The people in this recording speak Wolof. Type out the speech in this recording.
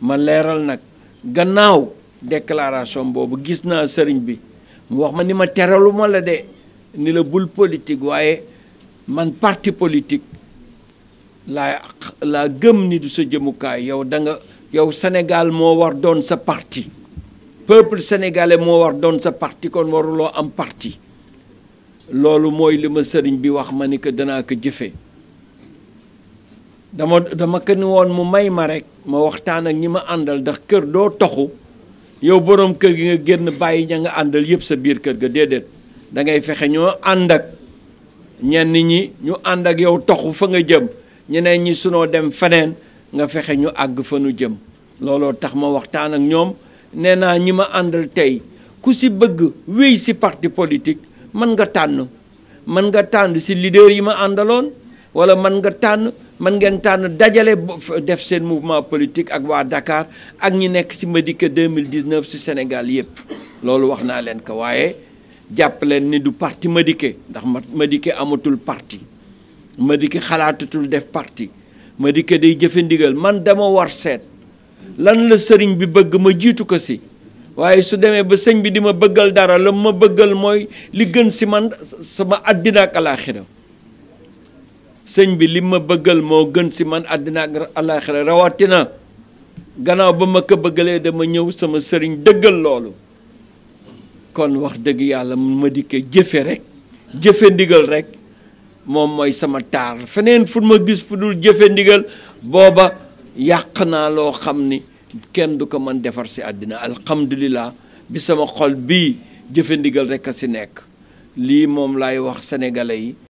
ma leeral nag gannaaw déclaration boobu gis naa sëriñ bi mu wax ma ni ma teralu ma la de ni la bul politique waaye man parti politique laa laa gëm ni du sa jëmukaay yow danga yow senegal moo war doon sa parti peuple sénégalais moo war doon sa parti kon waruloo am parti loolu mooy li ma sëriñ bi wax ma ni ko danaa ko jëfee dama dama kenn woon mu may ma rek ma waxtaan ak ñi ma àndal ndax kër doo toxu yow boroom kër gi nga génn bàyyi ña nga àndal yëpp sa biir kër ga déedéet da ngay fexe ñoo ànd ak ñenn ñi ñu ànd ak yow toxu fa nga jëm ñeneen ñi sunoo dem feneen nga fexe ñu àgg fa nu jëm looloo tax ma waxtaan ak ñoom nee naa ñi ma àndal tey ku si bëgg wéy si parti politique mën nga tànn mën nga tànn si leader yi ma àndaloon wala mën nga tànn man ngeen tànn dajale def seen mouvement politique ak waa dakaar ak ñi nekk ci Madické 2019 ci Sénégal yépp loolu wax naa leen ko waaye jàpp leen ni du parti ma Madické ndax ma ma dikke amatul parti ma Madické xalaatatul def parti ma Madické day jëfe ndigal man dama war seet lan la sëriñ bi bëgg ma jiitu ko si waaye su demee ba sëñ bi di ma bëggal dara la ma bëggal mooy li gën si man sama àddina ak alaaxira sëñ bi li ma bëggal moo gën si man àddina ak alaaxira rawatina gannaaw ba ma ko bëggalee dama ñëw sama sëriñ dëggal loolu kon wax dëgg yàlla mu ma dikk jëfe rek jëfe ndigal rek moom mooy sama taar feneen fu ma gis fu dul jëfe ndigal booba yàq naa loo xam ni kenn du ko mën defar si àddina alhamdulilah bi sama xol bii jëfe ndigal rek a si nekk lii moom laay wax sénégalais yi